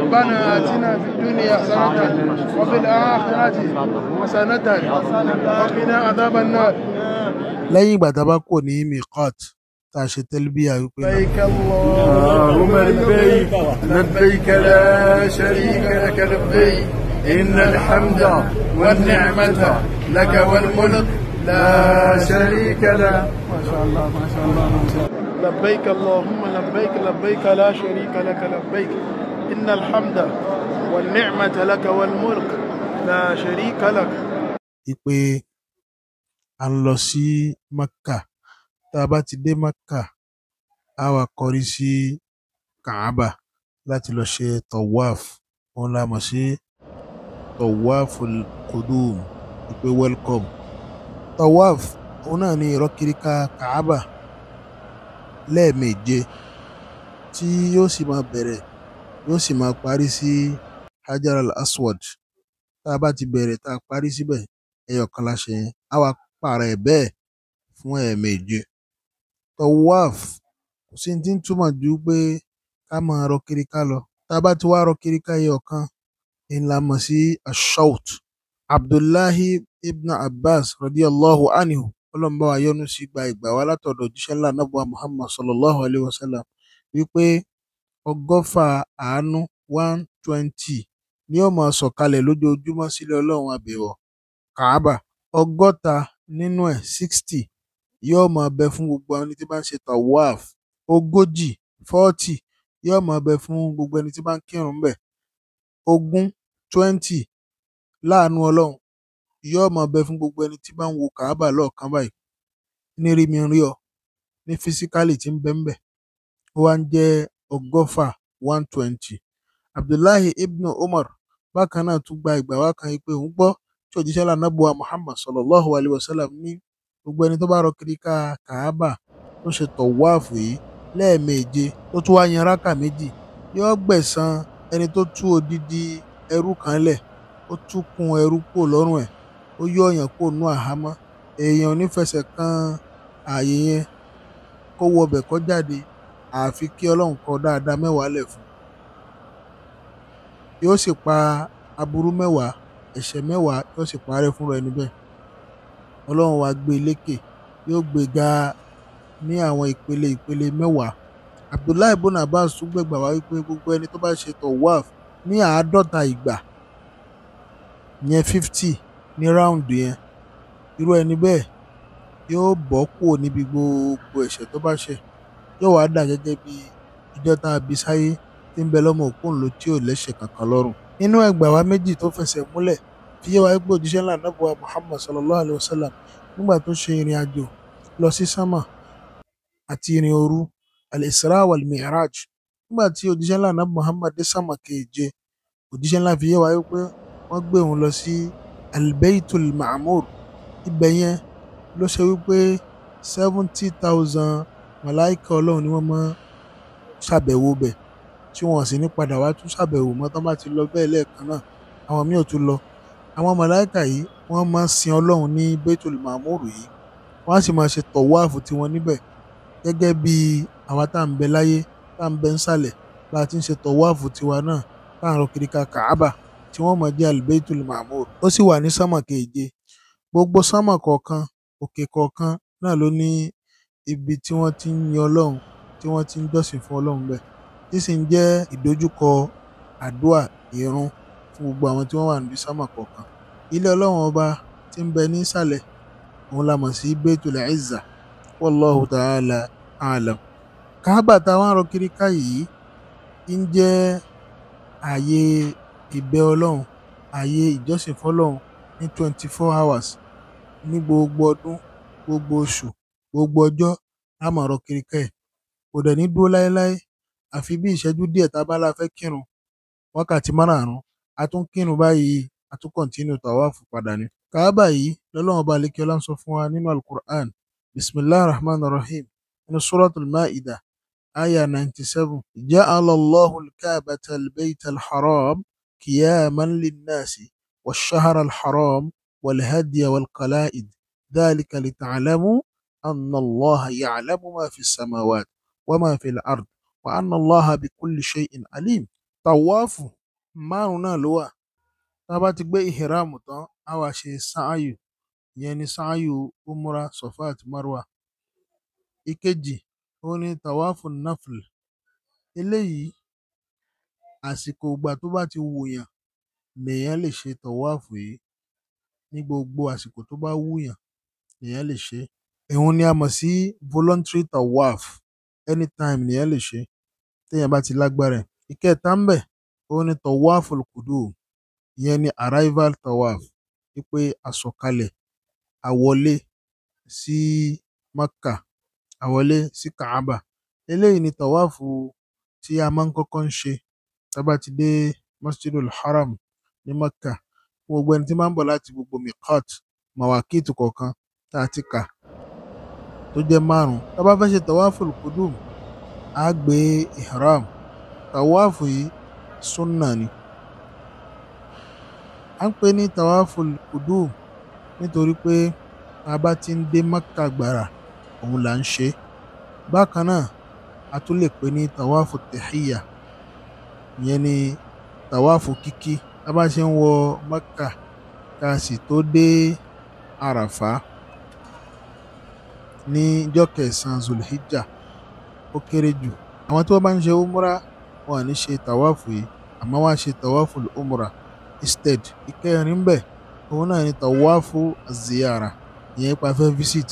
ربنا آتنا في الدنيا حسنة وفي الآخرة حسنة وقنا عذاب النار lẹ́yìn ìgbà tá a bá kò ní miqat اللهم لبيك لبيك لا شريك لك لبيك إن الحمد والنعمة لك والملك لا شريك لك. ما شاء الله ما شاء الله ما شاء الله. لبيك اللهم لبيك لبيك لا شريك لك لبيك إن الحمد والنعمة لك والملك لا شريك لك ìpè à ń lọ sí maka tá a bá ti dé maka a wá kọrí sí kaaba láti lọ ṣe tawaf òun la mọ̀ sí tawaf kudum ìpè welcome tawaf òun náà ni ìrọ́kìríkà kaaba lẹ́ẹ̀méje tí yóò sì máa bẹ̀rẹ̀ yóò sì máa parí sí Hajar al-Aswad. Tá a bá ti bẹ̀rẹ̀ tá a parí síbẹ̀, ẹyọ kan la ṣe yẹn. Á wa pààrà ẹ̀ bẹ́ẹ̀ fún ẹ̀ẹ̀méje. Tawaf kò sí ti ń túmọ̀ ju pé ká máa rọ kiri ká lọ. Tá a bá ti wá rọ kiri ẹyọ kan, ń la mọ̀ sí Ashaut. Abdullahi ibn Abbas radiyallahu anhu ọlọ́mbà wa yọ́nú sí gba ìgbà wa látọ̀dọ̀ òjíṣẹ́ ńlá náà Muhammad sallallahu alayhi wa sallam wípé ọgọ́fà àánú (120) ni ó máa sọ̀kalẹ̀ lójoojúmọ́ sílé Ọlọ́run abẹ̀wò Káàbà, ọgọ́ta nínú ẹ̀ (60) yóò máa bẹ fún gbogbo ẹni tí bá ń ṣe Tawaf, ogójì forty yóò máa bẹ fún gbogbo ẹni tí bá ń kírun níbẹ̀, ogún twenty láàánú Ọlọ́run yóò máa bẹ fún gbogbo ẹni tí bá ń wo Káàbà lọ́ọ̀ọ́kán báyìí, ní rími- n-rí-ọ ní físíkálì tí ń bẹ níbẹ̀, ó wá ń jẹ́ ọgọ́fà one twenty Abdullahi ibn Umar bákan náà tún gba ìgbà wá kan pé òun gbọ́ tí òjíṣẹ́ ńlá Ànábì wa Muhammad sallallahu alaihi wasallam ní gbogbo ẹni tó bá rọ kiriká Kàábà tó ṣe tọ̀wáàfù yìí lẹ́ẹ̀meje tó tún wá yan rákà méjì yóò gbẹ̀san ẹni tó tú odidi ẹrú kan lẹ̀ ó tú kun ẹrú kúrò lọ́rùn ẹ̀ ó yọ ọ̀yàn kúrò nú àhámọ́ èèyàn ò kan ààyè yẹn kó wọbẹ̀ kó jáde àfi kí ọlọ́run kọ dáadáa mẹ́wàá lẹ̀ fún yóò sì pa aburú mẹ́wàá ẹ̀ṣẹ̀ mẹ́wàá yóò sì parẹ́ fúnra ẹni bẹ́ẹ̀ ọlọ́run wa gbé e lékè yóò gbé e ga ní àwọn ìpele ìpele mẹ́wàá abdullahi ibn abbas tún gbẹ̀gbà wá wípé gbogbo ẹni tó bá ṣe tọ̀wáf ní àádọ́ta ìgbà yẹn fifty ní ráùndù yẹn irú ẹni bẹ́ẹ̀ yóò bọ́ kúrò níbi gbogbo ẹ̀ṣẹ̀ tó bá ṣẹ̀ yóò wá dà gẹ́gẹ́ bí ìjọ tá a bí sáyé tí ń bẹ lọ́mọ òpóǹlò tí ò lẹ́ṣẹ̀ kankan lọ́rùn. nínú ẹgbàá wa méjì tó fẹsẹ̀ múlẹ̀ fi yé wa pé òjíṣẹ́ ńlá nàbùwà Muhammad sallallahu alayhi wa sallam nígbà tó ṣe ìrìn àjò lọ sí sámà àti ìrìn òru al-Isra wal-Mi'raj nígbà tí òjíṣẹ́ ńlá nàbùwà Muhammad dé sámà keje òjíṣẹ́ ńlá fi yé wa pé wọ́n gbé òun lọ sí al-Baytul ibẹ̀ yẹn ló ṣe wípé seventy thousand màláìka ọlọ́run ni wọ́n máa ṣàbẹ̀wò bẹ̀ tí wọ́n sì ní padà wá tún ṣàbẹ̀wò mọ́ tán bá ti lọ bẹ́ẹ̀ lẹ́ẹ̀kan náà àwọn míì ò tún lọ àwọn màláìka yìí wọ́n máa sin ọlọ́run ní Baitul Mamuru yìí wọ́n á sì máa ṣe tọ̀wáàfù tiwọn níbẹ̀ gẹ́gẹ́ bí àwa tá à ń bẹ láyé tá à ń bẹ nsàlẹ̀ bá a ti ń ṣe tọ̀wáàfù tiwa náà tá à ń rọ kiri ka Kàábà tí wọ́n mọ̀ dé Al-Baitul ó sì wà ní sámà keje gbogbo sámà kọ̀ọ̀kan òkè kọ̀ọ̀kan náà ló ní ibi tí wọ́n ti ń yin Ọlọ́run tí wọ́n ti ń jọ́sìn fún Ọlọ́run bẹ́ẹ̀ tí sì ń jẹ́ ìdojúkọ àdúà ìrun fún gbogbo àwọn tí wọ́n wà níbi sámà kọ̀ọ̀kan ilé Ọlọ́run ọba tí ń bẹ ní ìsàlẹ̀ òun la mọ̀ sí Baitul Izzah wallahu ta'ala a'lam Kaaba tá a wá ń rọ kiri ká yìí ń jẹ́ ààyè ìbẹ Ọlọ́run ààyè ìjọsìn fọlọ́run ní twenty four hours ní gbogbo ọdún gbogbo oṣù gbogbo ọjọ́ la máa rọ kirikẹ́ ẹ̀ kò dẹ̀ ní dúró láéláé àfi bí ìṣẹ́jú díẹ̀ tá bá la fẹ́ kírun wákàtí márààrún a tún kírun báyìí a tún kọ̀ntínú tàwáàfù padà ni kàábà yìí lọ́lọ́run ọba àlékí ọlá ń sọ fún wa nínú alukur'an bisimilahi rahman rahim nínú suratul ma'ida aya 97 ja'ala allahu alkaabata albayta alharam qiyaman linnaasi والشهر الحرام والهدي والقلائد ذلك لتعلموا أن الله يعلم ما في السماوات وما في الأرض وأن الله بكل شيء عليم طواف márùn náà ló wà tá a bá ti gbé ìhìrámù tán a wá ṣe sáàyù ìyẹn ni sáàyù umra sọfà àti marwa ìkejì ó ní tawafu nafl eléyìí àsìkò ìgbà tó bá ti wùyàn lèèyàn lè ṣe tawafu yìí ní gbogbo àsìkò tó bá wùyàn lèèyàn lè ṣe é Ìhun ni a mọ̀ sí voluntary Tawaf. Anytime nìyẹn lè ṣe téèyàn bá ti lágbára ẹ̀. Ìkẹta ńbẹ̀ òhun ni Tawaful Qudum. Ìyẹn ni arrival Tawaf wí pé a sọ̀kalẹ̀, a wọlé sí Mẹ́kà, a wọlé sí Kàábà. Eléyìí ni tawaf tí a máa ń kọ́kọ́ ń ṣe tá ti dé Masjidul Haram ní Mẹ́kà. Gbogbo ẹni tí bá ń bọ̀ láti gbogbo mìqát, màwákìtù kọ̀ọ̀kan tá a ti kà tó jẹ́ márùn-ún tá a bá fẹ́ ṣe tawaful kudum a gbé ihram tawafu yìí sunna ni à ń pè ní tawaful kudum nítorí pé a bá ti ń dé Mẹ́kà gbàrà òun là ń ṣe bákan náà a tún lè pè ní tawafu tẹ̀híyà ìyẹn ni tawafu kíkí tá a bá ṣe ń wọ Mẹ́kà ká sì tó dé àràfá ní ọjọ́ kẹsàn-án zulhijjah ó kéré jù àwọn tí wọ́n bá ń ṣe umra wọn à ní ṣe tàwáàfù yìí àmọ́ wọ́n á ṣe tàwáàfù umra instead ìkẹrin ń bẹ òun náà ni tàwáàfù ziyara ìyẹn pa fẹ́ visit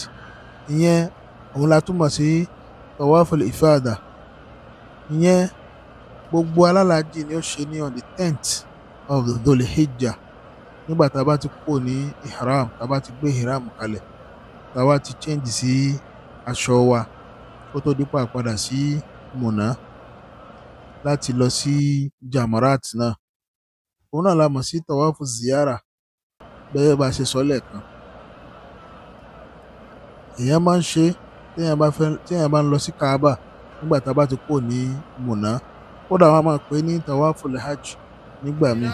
ìyẹn òun la túmọ̀ sí tàwáàfù ìfàdà ìyẹn gbogbo alálàájì ni ó ṣe ní on the tenth of dhulhijjah nígbà tá a bá ti kú ní ihram tá a bá ti gbé ihram kalẹ̀ Tawa ti change sí aṣọ wa kó tó dípà padà sí mùnà láti lọ sí jamarat náà òun náà la mọ̀ sí tawafu ziyara bẹ́ẹ̀ bá ṣe sọ lẹ́ẹ̀kan èèyàn máa ń ṣe téèyàn bá ń lọ sí kaaba nígbà tá a bá ti kó ní mùnà kódà wọn máa pè é ní tawafu lehaj nígbà míì.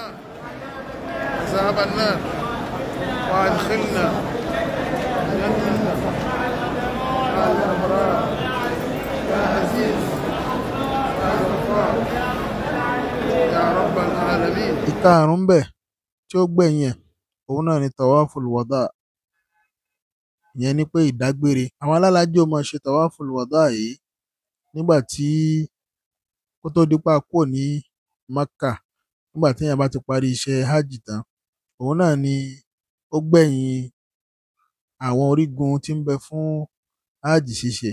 ìkarùn-ún ń tí ó gbẹ̀yìn ẹ̀ òun náà ni tawaful wada ìyẹn ni pé ìdágbére àwọn alálàájì ó máa ṣe tawaful wada yìí nígbà tí ó tó dípa kúrò ní maka nígbà tí èèyàn bá ti parí iṣẹ́ hajj tán òun náà ni ó gbẹ̀yìn àwọn orígun tí ń bẹ fún hajj ṣíṣe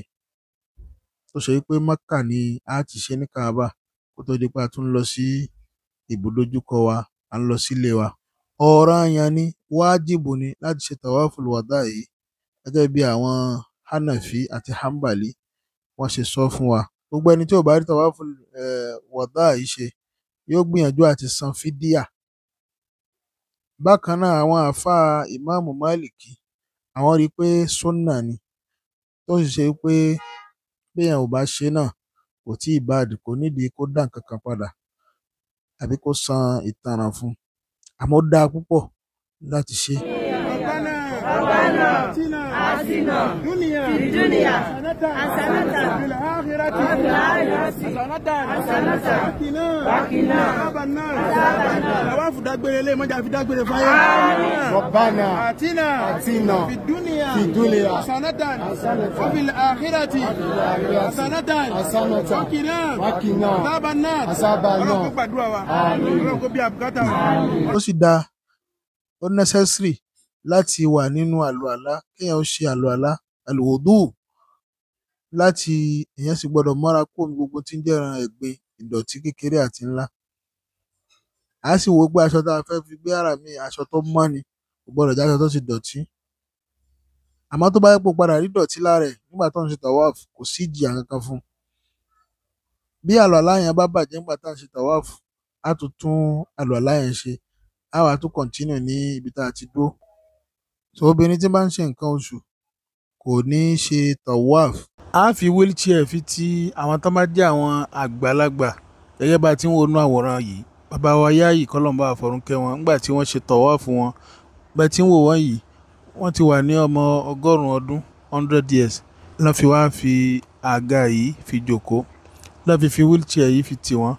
tó ṣe wípé mọ́kà ni a ti ṣe ní kaaba kó tó di pé a tún lọ sí ibùdójúkọ wa à ń lọ sílé wa ọ̀ranyàn ni wájìbù ni láti ṣe tawaful wada yìí gẹ́gẹ́ bí àwọn hanafi àti hanbali wọ́n ṣe sọ fún wa gbogbo ẹni tí ò bá rí tawaful wada yìí ṣe yóò gbìyànjú àti san fídíà bákan náà àwọn àáfàá ìmáàmù máàlìkì àwọn rí i pé sunna ni tó sì ṣe pé béèyàn ò bá ṣe náà kò tí ì bad kò nídìí kó dá nǹkan kan padà àbí kó san ìtanràn fún un àmọ́ ó dáa púpọ̀ láti ṣe. ọba حسنة في الدنيا حسنة في الآخرة حسنة حسنة وقنا عذاب النار لو في داغبره لي مجا في داغبره فايا ربنا آتنا في الدنيا في الدنيا حسنة وفي الآخرة حسنة حسنة وقنا وقنا عذاب النار عذاب النار آمين ó sì dáa ó necessary láti wà nínú àlùwàlá, kéèyàn ó ṣe àlùwàlá, àlùwúdù láti èèyàn sì gbọdọ̀ mọ́ra kúrò ní gbogbo ohun tí ń jẹ́ ìran ẹ̀gbin, ìdọ̀tí kékeré àti ńlá. Á sì wò ó pé aṣọ tá a fẹ́ fi gbé ìhárà míì, aṣọ tó mọ́ ni, kò gbọdọ̀ jẹ́ aṣọ tó ti dọ̀tí. Àmọ́ tó bá jẹ́ pé padà rí ìdọ̀tí lára ẹ̀ nígbà tó ń ṣe tàwáàfù, kò sí ìjìyà kankan fún Bí àlùwàlá yẹn bá bàjẹ́ nígbà tá à ṣe tàwáàfù, á tún tún àlùwàlá yẹn ṣe, á wá tún kọ̀ntínù ní ibi tá a ti dúró. So obìnrin tí ń bá ń ṣe nǹkan oṣù kò ní í ṣe tawaf. A fi wheelchair fi ti àwọn tó bá jẹ́ àwọn àgbàlagbà gẹ́gẹ́ bá ti ń wo inú àwòrán yìí. Bàbá wa Yayi k'Ọlọ́run bá wa fọ̀run kẹ́ wọn nígbà tí wọ́n ṣe tawaf wọn. Bẹ́ẹ̀ tí ń wò wọ́n yìí, wọ́n ti wà ní ọmọ ọgọ́rùn-ún ọdún hundred years lọ́ fi wá fi àga yìí fi jókòó, lọ́ fi fi wheelchair yìí fi tì wọ́n.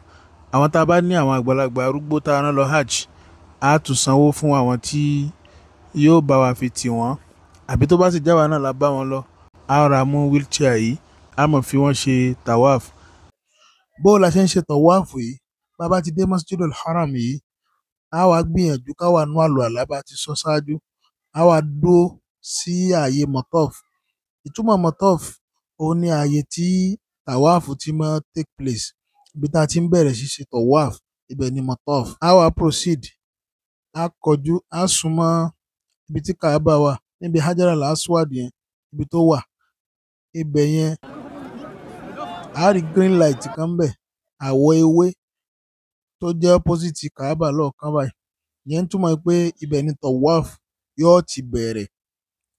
Àwọn tá a bá ní àwọn àgbàlagbà arúgbó tá a rán lọ hajj, a tún sanwó fún àwọn tí yóò bá wa fi tì wọ́n àbí tó bá sì jáwa náà la bá wọn lọ a ra mú wheelchair yìí a mọ̀ fi wọ́n ṣe tawaf bó la ṣe ń ṣe tawaf yìí bá bá ti dé masjidul haram yìí a wá gbìyànjú ká wà nú àlùwàlá bá ti sọ ṣáájú a wá dúró sí ààyè mọ́tọ́f ìtumọ̀ mọ́tọ́f òun ni ààyè tí tawaf ti máa take place ibi tá a ti ń bẹ̀rẹ̀ sí ṣe tawaf ibẹ̀ ni mọ́tọ́f a wá proceed a kọjú a súnmọ́ Bitika Àbáwá, níbi Hajar al-Aswad yẹn, ibi tó wà. Ibẹ̀ yẹn, a rí green light kan bẹ̀, àwọ̀ ewe tó jẹ́ opposite Kaaba lọ́ọ̀kan báyìí. Ìyẹn túmọ̀ pé ibẹ̀ ni Tawaf yóò ti bẹ̀rẹ̀.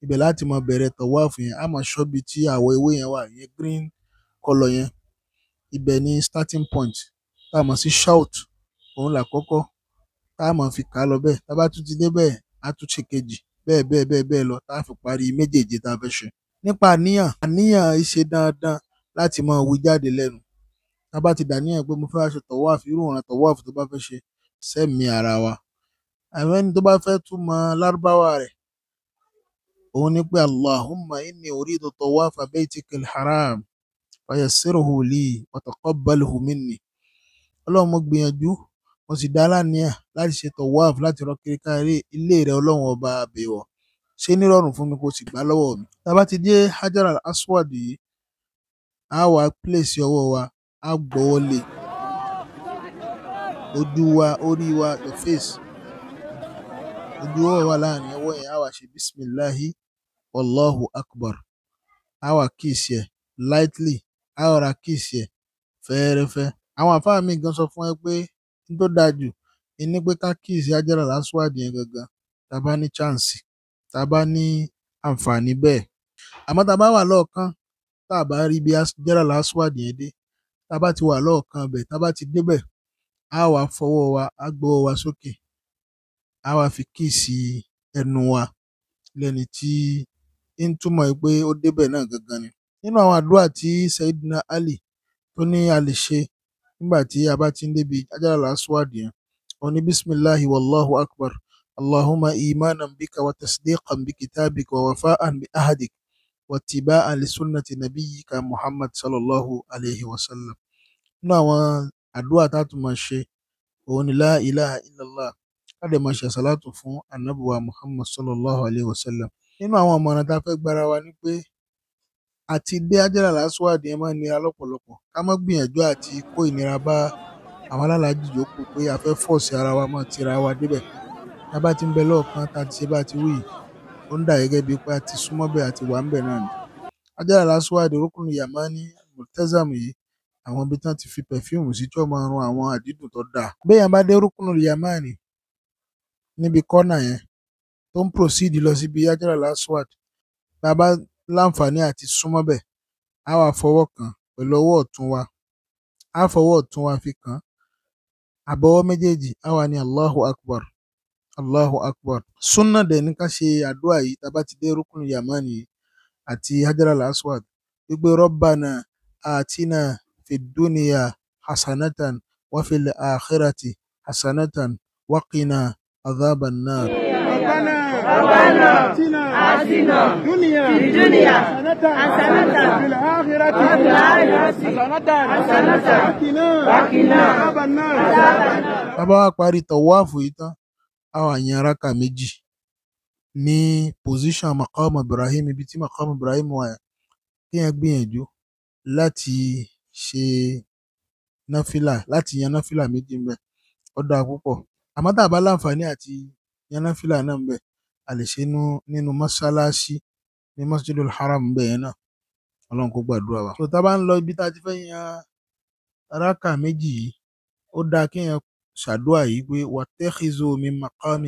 Ibẹ̀ láti máa bẹ̀rẹ̀ Tawaf yẹn, a máa bi ti àwọ̀ ewe yẹn wà, ìyẹn green colour yẹn. Ibẹ̀ ni starting point tá a mọ̀ sí Shout, òun làkọ́kọ́ tá a máa fi ka lọ bẹ́ẹ̀. Tá ba bá tún ti dé bẹ́ẹ̀, á tún ṣèkejì bẹ́ẹ̀ bẹ́ẹ̀ bẹ́ẹ̀ bẹ́ẹ̀ lọ tá fi parí méjèèje tá fẹ́ ṣe. Nípa àníyàn, àníyàn í ṣe dandan láti máa wí jáde lẹ́nu. Tá bá ti dàníyàn pé mo fẹ́ wá ṣe tọ̀wáàfù irú ìran tọ̀wáàfù tó bá fẹ́ ṣe sẹ́mìí ara wa. Àmọ́ ẹni tó bá fẹ́ tún mọ lárúbáwá rẹ̀ òun ni pé Allāhumma innī urīdu ṭawāfa baytikal harām fayassirhu lī wa taqabbalhu minnī. Ọlọ́run mo gbìyànjú mo sì dá láníyàn láti ṣe tọ̀wáàfù láti rọ́ kiri ká ilé rẹ ọlọ́run ọba àbẹ̀wò ṣe nírọ̀rùn fún mi kó sì gbà lọ́wọ́ mi tá ti dé hajar aswad yìí a wá pílèsì ọwọ́ wa a gbọ́wọ́ lé ojú wa orí wa your face ojú ọwọ́ wa láàrin ọwọ́ yẹn a wá ṣe bisimilahi allahu akbar a wá kíìsì ẹ lightly a rọra kíìsì ẹ fẹ́ẹ́rẹ́fẹ́ àwọn àfáà mi gan sọ fún ẹ pé ohun tó dáa jù ni pé ká kíyèsí Hajar al yẹn gangan tá a bá ní chance tá a bá ní àǹfààní bẹ́ẹ̀ àmọ́ tá a bá wà lọ́ọ̀kán tá a bá rí bí Hajar al yẹn dé tá a bá ti wà lọ́ọ̀kán bẹ̀ tá a bá ti débẹ̀ á wà fọwọ́ wa á gbọ́wọ́ wa sókè á wà fi kíyèsí ẹnu wa lẹ́ni tí ń túmọ̀ pé ó débẹ̀ náà gangan ni nínú àwọn àdúrà tí Sayyidina Ali tó ní a lè ṣe nígbà tí a bá ti ń débi ajára làásùwàd yẹn ó ní bisimilahi wàlláhu akbar allahumma imanan bika wa tasdiqan bi kitabika wa wafa'an bi ahadik wa tiba'an li sunnati nabiyyika muhammad sallallahu alayhi wa sallam nínú àwọn àdúrà tá a tún máa ṣe òun ni la ilaha illallah ká lè máa ṣe àsálàtù fún anabuwa muhammad sallallahu alayhi wa sallam nínú àwọn ọmọ ọ̀nà tá a fẹ́ gbára wa ni pé Àti dé Hajar al-Aswad yẹn máa ń nira lọ́pọ̀lọpọ̀, ká má gbìyànjú àti kó ìnira bá àwọn alálàájì yòókù pé a fẹ́ fọ́ọ̀sì ara wa mọ́ tira wa débẹ̀, tá a bá ti ń bẹ lọ́ọ̀ọ́kán tá a ti ṣe bá ti wí yìí, ó ń dà gẹ́gẹ́ bíi pé a ti súnmọ́ bẹ́ẹ̀ a ti wà ńbẹ̀ náà ni. Hajar al-Aswad, Rukn Yamani, Multazam yìí, àwọn ibi tán ti fi pẹ̀fíìmù sí tí ó máa run àwọn àdídùn tó dáa. Béèyàn bá dé Rukn Yamani níbi kọ́nà yẹn tó ń proceed lọ síbi Hajar al-Aswad, bá a bá láǹfààní àti súnmọ́ bẹ̀, á wá fọwọ́ kàn án pẹ̀lú ọwọ́ ọ̀tún wa, á fọwọ́ ọ̀tún wa fi kàn án, àbọwọ́ méjèèjì á wá ní Allahu Akbar, Allahu Akbar. Súnnà dẹ̀ ni ká ṣe àdúà yìí tá a bá ti dé rúkúnù yàmánì yìí àti hajaral aswad wípé Rabbana atina fid dunya hasanatan wa fil akhirati hasanatan wa qina adhaban nar. Rabbana Rabbana حسنة في الدنيا حسنة في الآخرة حسنة وقنا عذاب النار bàbá wa parí tọ̀wáàfù yìí tán a wá yan rákà méjì ní pòsíṣàn maqam ibrahim ibi tí maqam ibrahim wà kéèyàn gbìyànjú láti ṣe náfìlà láti yan náfìlà méjì ń bẹ ó dáa púpọ̀ àmọ́ tá a bá láǹfààní àti yan náfìlà náà ń bẹ a nínú mọ́ṣáláṣí Masjidul Haram bẹ́ẹ̀ náà ọlọ́run kó gbàdúrà wa. tó tá a bá ń lọ ibi tá a ti fẹ́ yan rákà méjì yìí ó dáa kéèyàn ṣàdúrà yìí pé wàtẹ́kìzó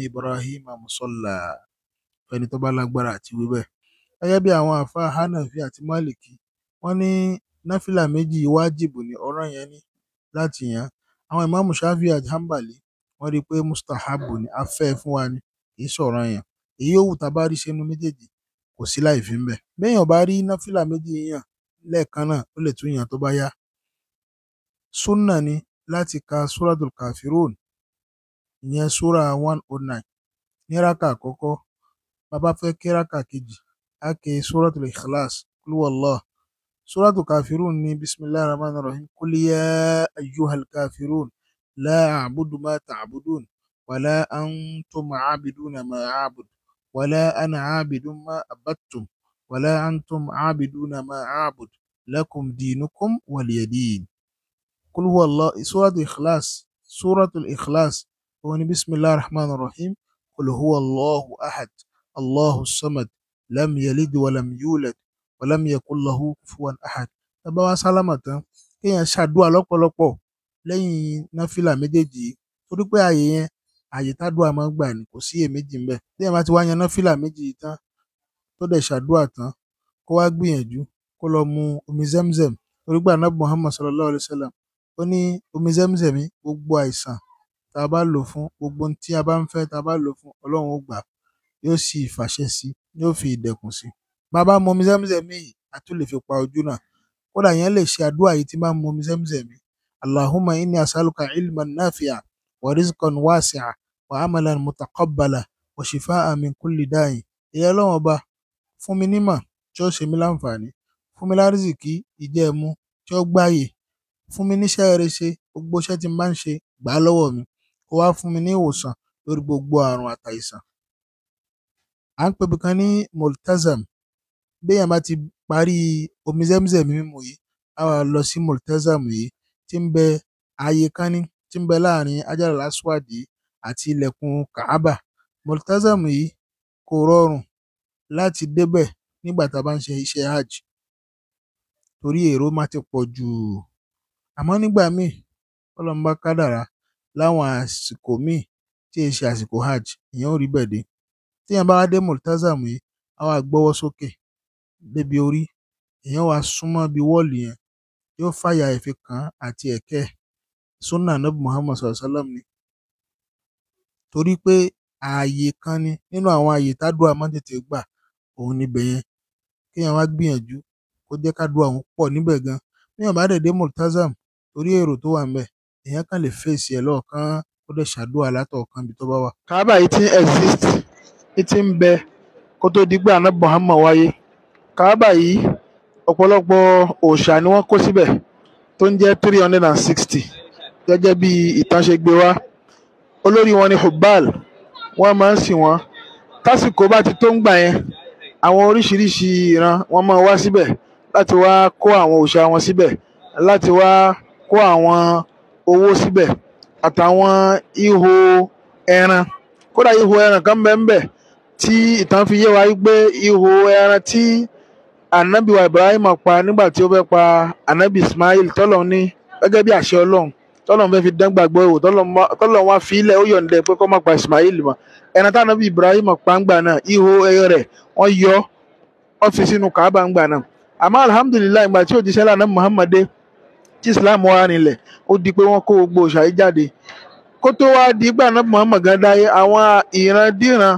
Ibrahim musalla ẹni tó bá lágbára àti awọn afọ gẹ́gẹ́ bí àwọn Hanafi Maliki wọ́n ní náfìlà méjì wájìbù yẹn ní láti àwọn ìmáàmù àti Hanbali wọ́n rí i pé ni afẹ́ èyí yòówù tá a bá rí ṣe nínú méjèèjì kò sí láì fi ń bẹ̀ béèyàn bá rí náfìlà méjì yíyàn lẹ́ẹ̀kan náà ó lè tún yàn tó bá yá súnà ni láti ka suratul kafirun ìyẹn súra one oh nine ní rákà àkọ́kọ́ bàbá fẹ́ kí rákà kejì á ké suratul ikhlas kulúwọ̀lọ́ suratul kafirun ní bisimilahi rahman rahim kúlíyà ayyuhal kafirun láàbùdùmá tàbùdùn wàlá antum àbìdùn àmà ولا أنا عابد ما أبدتم ولا أنتم عابدون ما أعبد لكم دينكم واليدين قل هو الله سورة الإخلاص سورة الإخلاص هون بسم الله الرحمن الرحيم قل هو الله أحد الله الصمد لم يلد ولم يولد ولم يكن له كفوا أحد تبوا سلامة كي tán kéèyàn ṣàdúrà lọ́pọ̀lọpọ̀ lẹ́yìn náfìlà méjèèjì torí pé ààyè tádùá máa ń gbà ní kò sí èméjì ńbẹ̀ téèyàn bá ti wá yan náfìlà méjì yìí tán tó dẹ̀ ṣàdúà tán kó wá gbìyànjú kó lọ mu omi zemzem torí pé ànábì muhammad sallallahu alayhi wa sallam ó ní omi zemzem yìí gbogbo àìsàn tá a bá lò fún gbogbo ohun tí a bá ń fẹ́ tá a bá lò fún ọlọ́run ó gbà yóò sì fàṣẹ sí yóò fi ìdẹ̀kùn sí bá a bá mu omi zemzem yìí a tún lè fi pa ojú náà kódà èèyàn lè ṣe àdúà yìí tí bá mu omi zemzem yìí allahumma inni asaluka ilman nafi'a ورزقا واسعا وعملا متقبلا وشفاء من كل داء ìyẹn ọlọ́run ọba fún mi nímọ̀ tí ó ṣe mí láǹfààní fún mi lárísìkí ìjẹ́mu tí ó gbáyè fún mi níṣẹ́ rere ṣe gbogbo iṣẹ́ tí n bá ń ṣe gbà á lọ́wọ́ mi kó wá fún mi ní ìwòsàn lórí gbogbo àrùn àtàìsàn à ń pe ibì kan ní Multazam béèyàn bá ti parí omi zẹ́mzẹ́m mímu yìí á wá lọ sí Multazam yìí tí ń bẹ ààyè kan ni tí ń bẹ láàrin Hajar al-Aswad àti Ilẹ̀kùn Kaaba, Multazam yìí kò rọrùn láti débẹ̀ nígbà tá a bá ń ṣe iṣẹ́ Hajj torí èrò máa ti pọ̀ jù. Àmọ́ nígbà míì bọ́lọ́run bá kádàrá láwọn àsìkò míì tí è ṣe àsìkò Hajj, èèyàn ó ríbẹ̀ dé. Téèyàn bá wá dé Multazam yìí, á wá gbọ́wọ́ sókè débi orí, èèyàn wá súnmọ́ ibi wọ́ọ̀lù yẹn, yóò fàyà ẹ̀ àti ẹ̀kẹ́ ẹ̀ súnà nábì muhammad sallallahu alaihi wasallam ni torí pé ààyè kan ni nínú àwọn ààyè tádùá máa ń tètè gbà òun níbẹ̀ yẹn kéèyàn wá gbìyànjú kó jẹ́ kádùá òun pọ̀ níbẹ̀ gan níwọ̀n bá dẹ̀ dé multazam torí èrò tó wà ń bẹ̀ èèyàn kàn lè fèsì ẹ̀ lọ́ọ̀kan ó dẹ̀ ṣàdúrà látọ̀ọ̀kan ibi tó bá wà. kábà yìí ti ń exist ti ń bẹ kó tó di pé ànábì muhammad wáyé kábà yìí ọ̀pọ̀lọpọ̀ òòṣà ni wọ́n kó síbẹ̀ tó ń jẹ́ three hundred and sixty gẹ́gẹ́ bí ìtàn ṣe olórí wọn ni Hubal wọ́n máa ń sìn wọ́n tásìkò bá ti tó ń gbà yẹn àwọn oríṣiríṣi ìran wọ́n máa wá síbẹ̀ láti wá kó àwọn òòṣà wọn síbẹ̀ láti wá kó àwọn owó síbẹ̀ àtàwọn ihò ẹran kódà ihò ẹran kan bẹ́ẹ̀ tí ìtàn fi yé wa pé ihò ẹran tí anabi wa Ibrahim pa nígbà tí ó fẹ́ pa anabi Ismail tọ́lọ́ ní gẹ́gẹ́ bí àṣẹ Ọlọ́run tọ́lọ́n fẹ́ fi dán gbàgbọ́ ìwò tọ́lọ́n wá fílẹ̀ ó yọ̀ǹdẹ̀ pé kọ́ má pa Ismail mọ́ ẹ̀ràn táwọn náà bí Ibrahim pàǹgbà náà ihò ẹyọ rẹ̀ wọ́n yọ ọ́ fi sínú Kaaba ńgbà náà àmọ́ alhamdulilayi ìgbà tí òjíṣẹ́ lànà Muhammad tí Islam wà nílẹ̀ ó di pé wọ́n kó gbogbo òṣàyí jáde kó tó wá di ìgbà náà Muhammad gan dáyé àwọn ìrandíran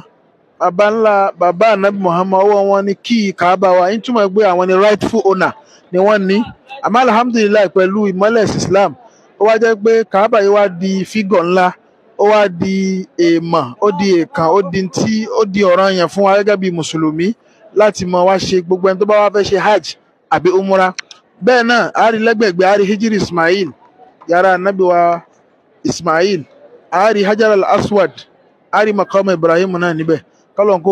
bàbá ńlá bàbá ànábì Muhammad ọwọ́ wọn ni kí Kaaba wa ń túmọ̀ pé àwọn ni rightful owner ni wọ́n ní àmọ́ alhamdulilayi pẹ̀lú ìmọ́lẹ̀ Islam ó wá jẹ́ pé Kàábà yìí wá di fígọ̀ ńlá ó wá di èèmọ̀ ó di èèkàn ó di tí ó di wa gẹ́gẹ́ ṣe gbogbo ẹni tó bá ṣe hajj àbí umura bẹ́ẹ̀ náà àárí lẹ́gbẹ̀gbẹ̀ àárí hijiri Ismail yàrá anabi Ismail àárí hajar al-aswad àárí maqam Ibrahim náà níbẹ̀ kó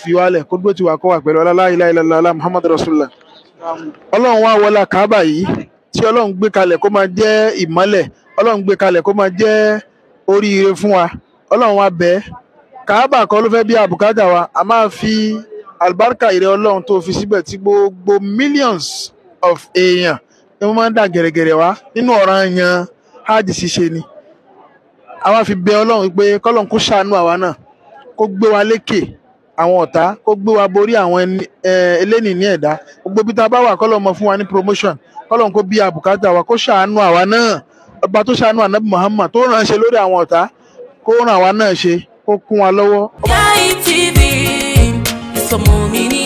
fi kó dúró ti wà kó wà pẹ̀lú ọlá la tí ọlọ́run gbé kalẹ̀ kó máa jẹ́ ìmọ́lẹ̀ ọlọ́run gbé kalẹ̀ kó máa jẹ́ oríire fún wa ọlọ́run wa bẹ́ẹ̀ kàábà kọ́ ló fẹ́ bí àbùkádà wa a máa fi àlùbáríkà ìrẹ ọlọ́run tó fi síbẹ̀ tí gbogbo millions of èèyàn ni wọ́n máa ń dà gẹ̀rẹ́gẹ̀rẹ́ wá nínú ọ̀ranyàn hajj ṣíṣe ni àwa fi bẹ ọlọ́run pé kọ́lọ́n kó ṣàánú àwa náà kó gbé wa lékè àwọn ọ̀tá kó gbé wa borí àwọn eléni ní ẹ̀dá gbogbo bí tá a bá wà kọ́ lọ́mọ fún wa ní promotion kọ́ lọ́n kó bí àbùkátà wa kó ṣàánú àwa náà ọba tó ṣàánú ànábì Muhammad tó ràn án ṣe lórí àwọn ọ̀tá kó ràn àwa náà ṣe kó kún wa lọ́wọ́. Gayi TV ìsọmọ mi ní